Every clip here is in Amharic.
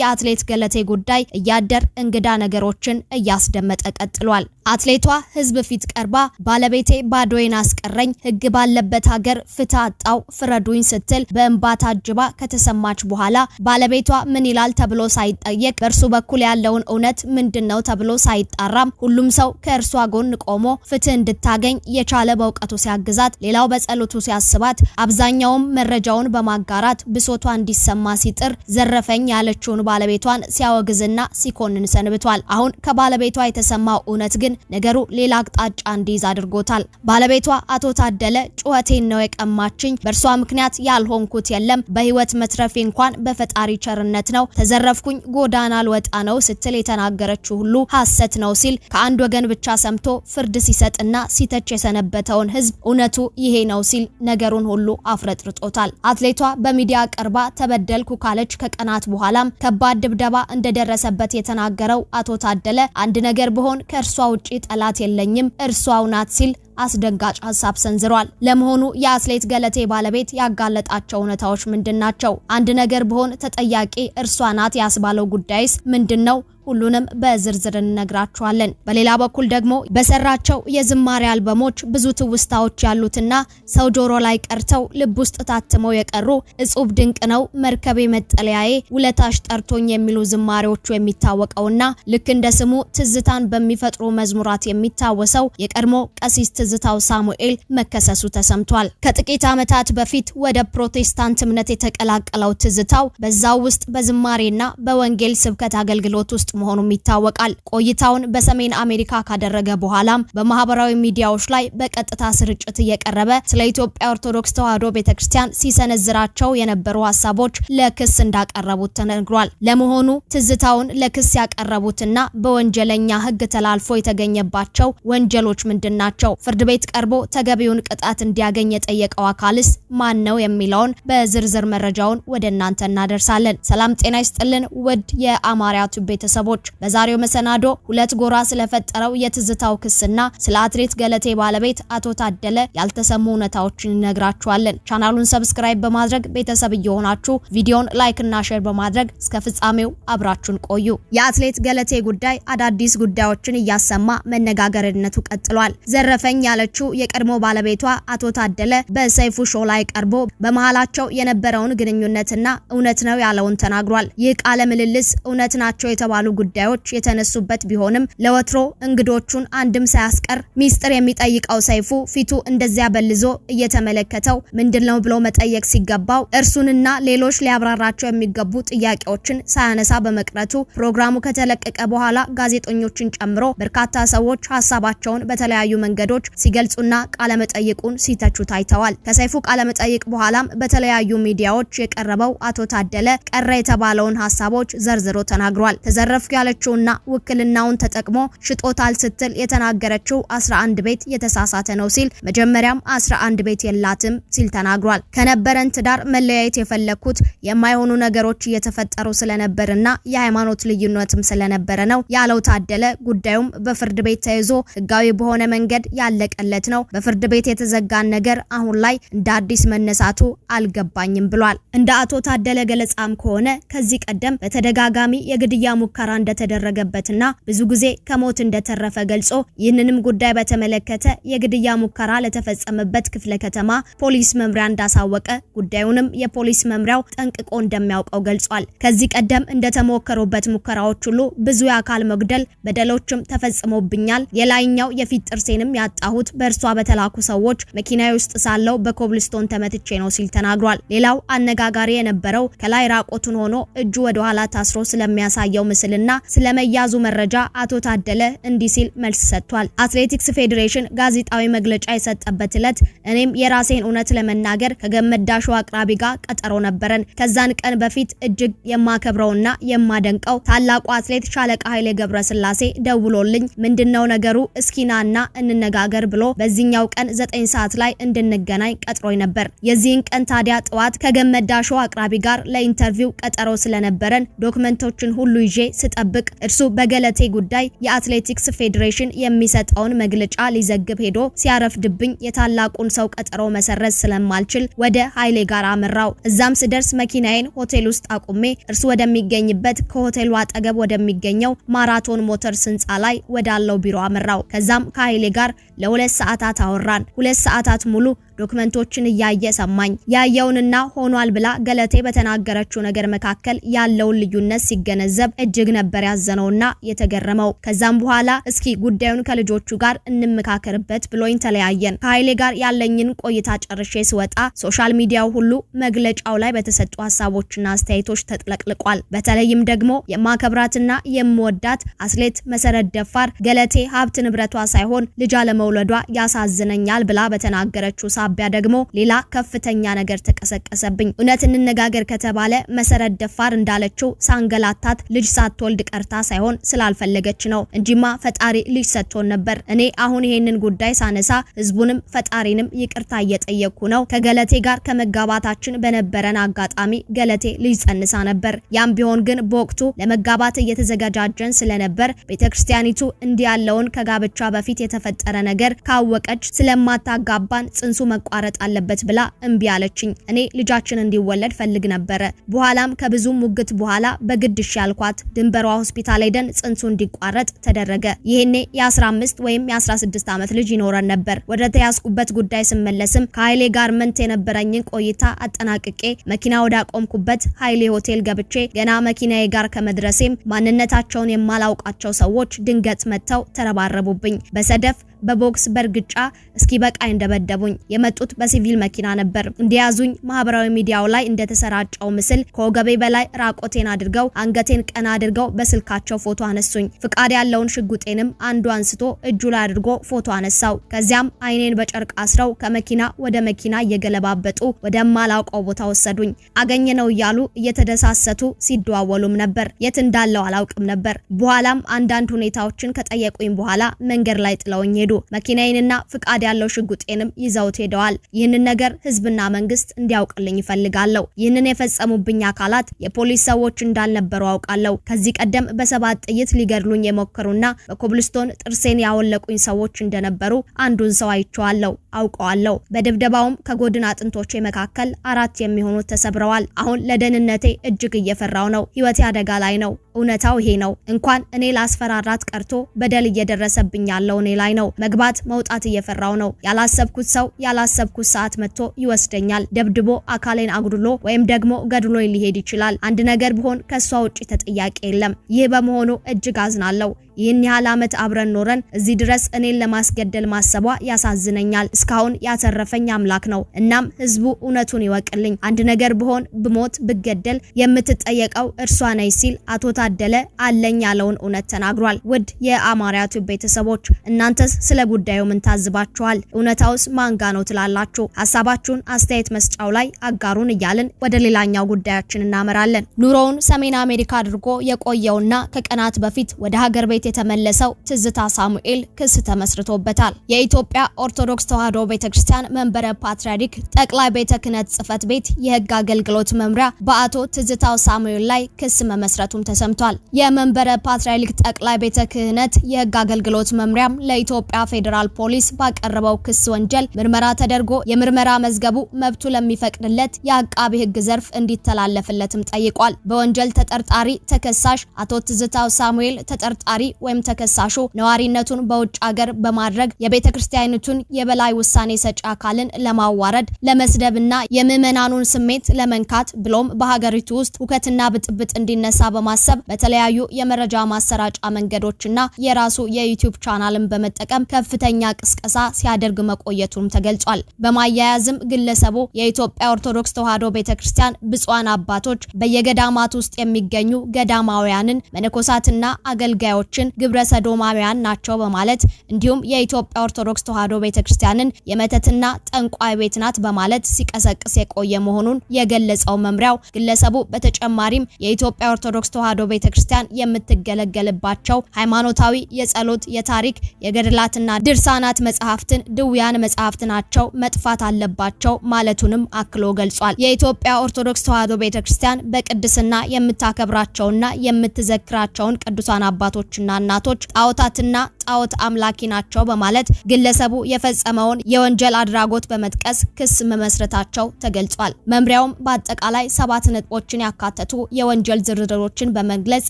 የአትሌት ገለቴ ጉዳይ እያደር እንግዳ ነገሮችን እያስደመጠ ቀጥሏል። አትሌቷ ሕዝብ ፊት ቀርባ ባለቤቴ ባዶዬን አስቀረኝ፣ ሕግ ባለበት ሀገር ፍትህ አጣው፣ ፍረዱኝ ስትል በእንባ ታጅባ ከተሰማች በኋላ ባለቤቷ ምን ይላል ተብሎ ሳይጠየቅ በእርሱ በኩል ያለውን እውነት ምንድን ነው ተብሎ ሳይጣራም ሁሉም ሰው ከእርሷ ጎን ቆሞ ፍትህ እንድታገኝ የቻለ በእውቀቱ ሲያግዛት፣ ሌላው በጸሎቱ ሲያስባት፣ አብዛኛውም መረጃውን በማጋራት ብሶቷ እንዲሰማ ሲጥር ዘረፈኝ ያለችውን የሆኑ ባለቤቷን ሲያወግዝና ሲኮንን ሰንብቷል። አሁን ከባለቤቷ የተሰማው እውነት ግን ነገሩ ሌላ አቅጣጫ እንዲይዝ አድርጎታል። ባለቤቷ አቶ ታደለ ጩኸቴን ነው የቀማችኝ፣ በእርሷ ምክንያት ያልሆንኩት የለም፣ በህይወት መትረፌ እንኳን በፈጣሪ ቸርነት ነው፣ ተዘረፍኩኝ፣ ጎዳና ልወጣ ነው ስትል የተናገረችው ሁሉ ሐሰት ነው ሲል ከአንድ ወገን ብቻ ሰምቶ ፍርድ ሲሰጥና ሲተች የሰነበተውን ህዝብ እውነቱ ይሄ ነው ሲል ነገሩን ሁሉ አፍረጥርጦታል። አትሌቷ በሚዲያ ቀርባ ተበደልኩ ካለች ከቀናት በኋላም ከባድ ድብደባ እንደደረሰበት የተናገረው አቶ ታደለ አንድ ነገር ብሆን ከእርሷ ውጪ ጠላት የለኝም እርሷው ናት ሲል አስደንጋጭ ሀሳብ ሰንዝሯል። ለመሆኑ የአትሌት ገለቴ ባለቤት ያጋለጣቸው እውነታዎች ምንድን ናቸው? አንድ ነገር ብሆን ተጠያቂ እርሷ ናት ያስባለው ጉዳይስ ምንድን ነው? ሁሉንም በዝርዝር እንነግራችኋለን። በሌላ በኩል ደግሞ በሰራቸው የዝማሬ አልበሞች ብዙ ትውስታዎች ያሉትና ሰው ጆሮ ላይ ቀርተው ልብ ውስጥ ታትመው የቀሩ እጹብ ድንቅ ነው፣ መርከቤ መጠለያዬ፣ ውለታሽ ጠርቶኝ የሚሉ ዝማሬዎቹ የሚታወቀውና ልክ እንደ ስሙ ትዝታን በሚፈጥሩ መዝሙራት የሚታወሰው የቀድሞ ቀሲስ ትዝታው ሳሙኤል መከሰሱ ተሰምቷል። ከጥቂት ዓመታት በፊት ወደ ፕሮቴስታንት እምነት የተቀላቀለው ትዝታው በዛው ውስጥ በዝማሬና በወንጌል ስብከት አገልግሎት ውስጥ መሆኑም ይታወቃል። ቆይታውን በሰሜን አሜሪካ ካደረገ በኋላም በማህበራዊ ሚዲያዎች ላይ በቀጥታ ስርጭት እየቀረበ ስለ ኢትዮጵያ ኦርቶዶክስ ተዋሕዶ ቤተክርስቲያን ሲሰነዝራቸው የነበሩ ሀሳቦች ለክስ እንዳቀረቡት ተነግሯል። ለመሆኑ ትዝታውን ለክስ ያቀረቡትና በወንጀለኛ ሕግ ተላልፎ የተገኘባቸው ወንጀሎች ምንድን ናቸው? ፍርድ ቤት ቀርቦ ተገቢውን ቅጣት እንዲያገኝ የጠየቀው አካልስ ማን ነው የሚለውን በዝርዝር መረጃውን ወደ እናንተ እናደርሳለን። ሰላም ጤና ይስጥልን ውድ የአማርያ ቲዩብ ቤተሰቦች፣ በዛሬው መሰናዶ ሁለት ጎራ ስለፈጠረው የትዝታው ክስና ስለ አትሌት ገለቴ ባለቤት አቶ ታደለ ያልተሰሙ እውነታዎችን እነግራችኋለን። ቻናሉን ሰብስክራይብ በማድረግ ቤተሰብ እየሆናችሁ ቪዲዮን ላይክ እና ሼር በማድረግ እስከ ፍጻሜው አብራችሁን ቆዩ። የአትሌት ገለቴ ጉዳይ አዳዲስ ጉዳዮችን እያሰማ መነጋገርነቱ ቀጥሏል። ዘረፈኝ ያለችው የቀድሞ ባለቤቷ አቶ ታደለ በሰይፉ ሾ ላይ ቀርቦ በመሃላቸው የነበረውን ግንኙነትና እውነት ነው ያለውን ተናግሯል። ይህ ቃለ ምልልስ እውነት ናቸው የተባሉ ጉዳዮች የተነሱበት ቢሆንም ለወትሮ እንግዶቹን አንድም ሳያስቀር ሚስጥር የሚጠይቀው ሰይፉ ፊቱ እንደዚያ በልዞ እየተመለከተው ምንድን ነው ብሎ መጠየቅ ሲገባው እርሱንና ሌሎች ሊያብራራቸው የሚገቡ ጥያቄዎችን ሳያነሳ በመቅረቱ ፕሮግራሙ ከተለቀቀ በኋላ ጋዜጠኞችን ጨምሮ በርካታ ሰዎች ሀሳባቸውን በተለያዩ መንገዶች ሲገልጹና ቃለመጠይቁን ሲተቹ ታይተዋል። ከሰይፉ ቃለመጠይቅ በኋላም በተለያዩ ሚዲያዎች የቀረበው አቶ ታደለ ቀረ የተባለውን ሀሳቦች ዘርዝሮ ተናግሯል። ተዘረፍኩ ያለችውና ውክልናውን ተጠቅሞ ሽጦታል ስትል የተናገረችው 11 ቤት የተሳሳተ ነው ሲል መጀመሪያም 11 ቤት የላትም ሲል ተናግሯል። ከነበረን ትዳር መለያየት የፈለኩት የማይሆኑ ነገሮች እየተፈጠሩ ስለነበርና የሃይማኖት ልዩነትም ስለነበረ ነው ያለው ታደለ ጉዳዩም በፍርድ ቤት ተይዞ ህጋዊ በሆነ መንገድ ያለ ያለቀለት ነው በፍርድ ቤት የተዘጋን ነገር አሁን ላይ እንደ አዲስ መነሳቱ አልገባኝም ብሏል። እንደ አቶ ታደለ ገለጻም ከሆነ ከዚህ ቀደም በተደጋጋሚ የግድያ ሙከራ እንደተደረገበትና ብዙ ጊዜ ከሞት እንደተረፈ ገልጾ ይህንንም ጉዳይ በተመለከተ የግድያ ሙከራ ለተፈጸመበት ክፍለ ከተማ ፖሊስ መምሪያ እንዳሳወቀ ጉዳዩንም የፖሊስ መምሪያው ጠንቅቆ እንደሚያውቀው ገልጿል። ከዚህ ቀደም እንደተሞከሩበት ሙከራዎች ሁሉ ብዙ የአካል መጉደል በደሎችም ተፈጽሞብኛል፣ የላይኛው የፊት ጥርሴንም ያጣ የመጣሁት በእርሷ በተላኩ ሰዎች መኪና ውስጥ ሳለው በኮብልስቶን ተመትቼ ነው ሲል ተናግሯል። ሌላው አነጋጋሪ የነበረው ከላይ ራቆቱን ሆኖ እጁ ወደ ኋላ ታስሮ ስለሚያሳየው ምስልና ስለመያዙ መረጃ አቶ ታደለ እንዲህ ሲል መልስ ሰጥቷል። አትሌቲክስ ፌዴሬሽን ጋዜጣዊ መግለጫ የሰጠበት ዕለት እኔም የራሴን እውነት ለመናገር ከገመዳሹ አቅራቢ ጋር ቀጠሮ ነበረን። ከዛን ቀን በፊት እጅግ የማከብረውና የማደንቀው ታላቁ አትሌት ሻለቃ ኃይሌ ገብረስላሴ ደውሎልኝ ምንድነው ነገሩ እስኪናና እንነጋገር ልናገር ብሎ በዚህኛው ቀን ዘጠኝ ሰዓት ላይ እንድንገናኝ ቀጥሮኝ ነበር። የዚህን ቀን ታዲያ ጠዋት ከገመዳሾ አቅራቢ ጋር ለኢንተርቪው ቀጠሮ ስለነበረን ዶክመንቶችን ሁሉ ይዤ ስጠብቅ እርሱ በገለቴ ጉዳይ የአትሌቲክስ ፌዴሬሽን የሚሰጠውን መግለጫ ሊዘግብ ሄዶ ሲያረፍድብኝ የታላቁን ሰው ቀጠሮ መሰረዝ ስለማልችል ወደ ኃይሌ ጋር አመራው። እዛም ስደርስ መኪናዬን ሆቴል ውስጥ አቁሜ እርሱ ወደሚገኝበት ከሆቴሉ አጠገብ ወደሚገኘው ማራቶን ሞተርስ ህንፃ ላይ ወዳለው ቢሮ አመራው። ከዛም ከኃይሌ ጋር ለ ለሁለት ሰዓታት አወራን። ሁለት ሰዓታት ሙሉ ዶክመንቶችን እያየ ሰማኝ ያየውንና ሆኗል ብላ ገለቴ በተናገረችው ነገር መካከል ያለውን ልዩነት ሲገነዘብ እጅግ ነበር ያዘነውና የተገረመው። ከዛም በኋላ እስኪ ጉዳዩን ከልጆቹ ጋር እንመካከርበት ብሎኝ ተለያየን። ከኃይሌ ጋር ያለኝን ቆይታ ጨርሼ ስወጣ ሶሻል ሚዲያው ሁሉ መግለጫው ላይ በተሰጡ ሀሳቦችና አስተያየቶች ተጥለቅልቋል። በተለይም ደግሞ የማከብራትና የምወዳት አትሌት መሰረት ደፋር ገለቴ ሀብት ንብረቷ ሳይሆን ልጅ አለመውለዷ ያሳዝነኛል ብላ በተናገረችው ሳቢያ ደግሞ ሌላ ከፍተኛ ነገር ተቀሰቀሰብኝ። እውነት እንነጋገር ከተባለ መሰረት ደፋር እንዳለችው ሳንገላታት ልጅ ሳትወልድ ቀርታ ሳይሆን ስላልፈለገች ነው እንጂማ ፈጣሪ ልጅ ሰጥቶን ነበር። እኔ አሁን ይሄንን ጉዳይ ሳነሳ ህዝቡንም ፈጣሪንም ይቅርታ እየጠየቅኩ ነው። ከገለቴ ጋር ከመጋባታችን በነበረን አጋጣሚ ገለቴ ልጅ ጸንሳ ነበር። ያም ቢሆን ግን በወቅቱ ለመጋባት እየተዘጋጃጀን ስለነበር ቤተክርስቲያኒቱ እንዲህ ያለውን ከጋብቻ በፊት የተፈጠረ ነገር ካወቀች ስለማታጋባን ጽንሱ መቋረጥ አለበት ብላ እምቢ አለችኝ። እኔ ልጃችን እንዲወለድ ፈልግ ነበረ። በኋላም ከብዙ ሙግት በኋላ በግድ እሺ አልኳት። ድንበሯ ሆስፒታል ሄደን ጽንሱ እንዲቋረጥ ተደረገ። ይሄኔ የ15 ወይም የ16 ዓመት ልጅ ይኖረን ነበር። ወደ ተያዝኩበት ጉዳይ ስመለስም ከኃይሌ ጋርመንት የነበረኝን ቆይታ አጠናቅቄ መኪና አቆምኩበት ኃይሌ ሆቴል ገብቼ ገና መኪናዬ ጋር ከመድረሴም ማንነታቸውን የማላውቃቸው ሰዎች ድንገት መጥተው ተረባረቡብኝ። በሰደፍ በቦክስ በእርግጫ እስኪ በቃ እንደበደቡኝ። የመጡት በሲቪል መኪና ነበር። እንዲያዙኝ ማህበራዊ ሚዲያው ላይ እንደተሰራጨው ምስል ከወገቤ በላይ ራቆቴን አድርገው አንገቴን ቀና አድርገው በስልካቸው ፎቶ አነሱኝ። ፍቃድ ያለውን ሽጉጤንም አንዱ አንስቶ እጁ ላይ አድርጎ ፎቶ አነሳው። ከዚያም አይኔን በጨርቅ አስረው ከመኪና ወደ መኪና እየገለባበጡ ወደማላውቀው ቦታ ወሰዱኝ። አገኘነው እያሉ እየተደሳሰቱ ሲደዋወሉም ነበር። የት እንዳለው አላውቅም ነበር። በኋላም አንዳንድ ሁኔታዎችን ከጠየቁኝ በኋላ መንገድ ላይ ጥለውኝ ሄዱ። ሄዱ። መኪናዬንና ፍቃድ ያለው ሽጉጤንም ይዘውት ሄደዋል። ይህንን ነገር ህዝብና መንግስት እንዲያውቅልኝ ይፈልጋለሁ። ይህንን የፈጸሙብኝ አካላት የፖሊስ ሰዎች እንዳልነበሩ አውቃለሁ። ከዚህ ቀደም በሰባት ጥይት ሊገድሉኝ የሞከሩና በኮብልስቶን ጥርሴን ያወለቁኝ ሰዎች እንደነበሩ አንዱን ሰው አይቼዋለሁ፣ አውቀዋለሁ። በድብደባውም ከጎድን አጥንቶቼ መካከል አራት የሚሆኑት ተሰብረዋል። አሁን ለደህንነቴ እጅግ እየፈራው ነው። ህይወቴ አደጋ ላይ ነው። እውነታው ይሄ ነው። እንኳን እኔ ላስፈራራት ቀርቶ በደል እየደረሰብኝ ያለው እኔ ላይ ነው። መግባት መውጣት እየፈራው ነው። ያላሰብኩት ሰው ያላሰብኩት ሰዓት መጥቶ ይወስደኛል። ደብድቦ አካሌን አጉድሎ ወይም ደግሞ ገድሎ ሊሄድ ይችላል። አንድ ነገር ብሆን ከሷ ውጪ ተጠያቂ የለም። ይህ በመሆኑ እጅግ አዝናለሁ። ይህን ያህል ዓመት አብረን ኖረን እዚህ ድረስ እኔን ለማስገደል ማሰቧ ያሳዝነኛል። እስካሁን ያተረፈኝ አምላክ ነው። እናም ህዝቡ እውነቱን ይወቅልኝ። አንድ ነገር ብሆን ብሞት፣ ብገደል የምትጠየቀው እርሷ ነይ ሲል አቶ ታደለ አለኝ ያለውን እውነት ተናግሯል። ውድ የአማርያ ቲዩብ ቤተሰቦች እናንተስ ስለ ጉዳዩ ምን ታዝባችኋል? እውነታውስ ማንጋ ነው ትላላችሁ? ሀሳባችሁን አስተያየት መስጫው ላይ አጋሩን እያልን ወደ ሌላኛው ጉዳያችን እናመራለን። ኑሮውን ሰሜን አሜሪካ አድርጎ የቆየውና ከቀናት በፊት ወደ ሀገር ቤት የተመለሰው ትዝታ ሳሙኤል ክስ ተመስርቶበታል። የኢትዮጵያ ኦርቶዶክስ ተዋሕዶ ቤተክርስቲያን መንበረ ፓትርያርክ ጠቅላይ ቤተ ክህነት ጽሕፈት ቤት የህግ አገልግሎት መምሪያ በአቶ ትዝታው ሳሙኤል ላይ ክስ መመስረቱም ተሰምቷል። የመንበረ ፓትርያርክ ጠቅላይ ቤተ ክህነት የህግ አገልግሎት መምሪያም ለኢትዮጵያ የኢትዮጵያ ፌዴራል ፖሊስ ባቀረበው ክስ ወንጀል ምርመራ ተደርጎ የምርመራ መዝገቡ መብቱ ለሚፈቅድለት የአቃቢ ህግ ዘርፍ እንዲተላለፍለትም ጠይቋል። በወንጀል ተጠርጣሪ ተከሳሽ አቶ ትዝታው ሳሙኤል ተጠርጣሪ ወይም ተከሳሹ ነዋሪነቱን በውጭ ሀገር በማድረግ የቤተ ክርስቲያኒቱን የበላይ ውሳኔ ሰጪ አካልን ለማዋረድ ለመስደብና የምዕመናኑን ስሜት ለመንካት ብሎም በሀገሪቱ ውስጥ ሁከትና ብጥብጥ እንዲነሳ በማሰብ በተለያዩ የመረጃ ማሰራጫ መንገዶችና የራሱ የዩቲዩብ ቻናልን በመጠቀም ከፍተኛ ቅስቀሳ ሲያደርግ መቆየቱም ተገልጿል። በማያያዝም ግለሰቡ የኢትዮጵያ ኦርቶዶክስ ተዋሕዶ ቤተክርስቲያን ብፁዓን አባቶች በየገዳማት ውስጥ የሚገኙ ገዳማውያንን መነኮሳትና አገልጋዮችን ግብረ ሰዶማውያን ናቸው በማለት እንዲሁም የኢትዮጵያ ኦርቶዶክስ ተዋሕዶ ቤተክርስቲያንን የመተትና ጠንቋይ ቤት ናት በማለት ሲቀሰቅስ የቆየ መሆኑን የገለጸው መምሪያው ግለሰቡ በተጨማሪም የኢትዮጵያ ኦርቶዶክስ ተዋሕዶ ቤተክርስቲያን የምትገለገልባቸው ሃይማኖታዊ፣ የጸሎት፣ የታሪክ፣ የገድላት መጽሐፍትና ድርሳናት መጽሐፍትን ድውያን መጽሐፍት ናቸው፣ መጥፋት አለባቸው ማለቱንም አክሎ ገልጿል። የኢትዮጵያ ኦርቶዶክስ ተዋሕዶ ቤተክርስቲያን በቅድስና የምታከብራቸውና የምትዘክራቸውን ቅዱሳን አባቶችና እናቶች ጣዖታትና አውት አምላኪ ናቸው በማለት ግለሰቡ የፈጸመውን የወንጀል አድራጎት በመጥቀስ ክስ መመስረታቸው ተገልጿል። መምሪያውም በአጠቃላይ ሰባት ነጥቦችን ያካተቱ የወንጀል ዝርዝሮችን በመግለጽ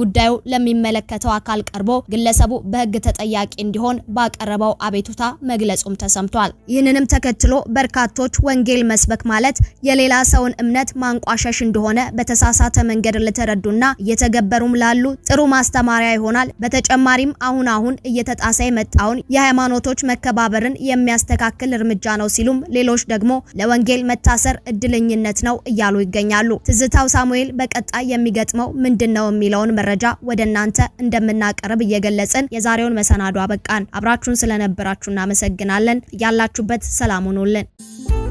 ጉዳዩ ለሚመለከተው አካል ቀርቦ ግለሰቡ በሕግ ተጠያቂ እንዲሆን ባቀረበው አቤቱታ መግለጹም ተሰምቷል። ይህንንም ተከትሎ በርካቶች ወንጌል መስበክ ማለት የሌላ ሰውን እምነት ማንቋሸሽ እንደሆነ በተሳሳተ መንገድ ለተረዱና እየተገበሩም ላሉ ጥሩ ማስተማሪያ ይሆናል። በተጨማሪም አሁን አሁን እየ እየተጣሰ የመጣውን የሃይማኖቶች መከባበርን የሚያስተካክል እርምጃ ነው ሲሉም፣ ሌሎች ደግሞ ለወንጌል መታሰር እድለኝነት ነው እያሉ ይገኛሉ። ትዝታው ሳሙኤል በቀጣይ የሚገጥመው ምንድን ነው የሚለውን መረጃ ወደ እናንተ እንደምናቀርብ እየገለጽን የዛሬውን መሰናዶ አበቃን። አብራችሁን ስለነበራችሁ እናመሰግናለን። ያላችሁበት ሰላም ሁኑልን።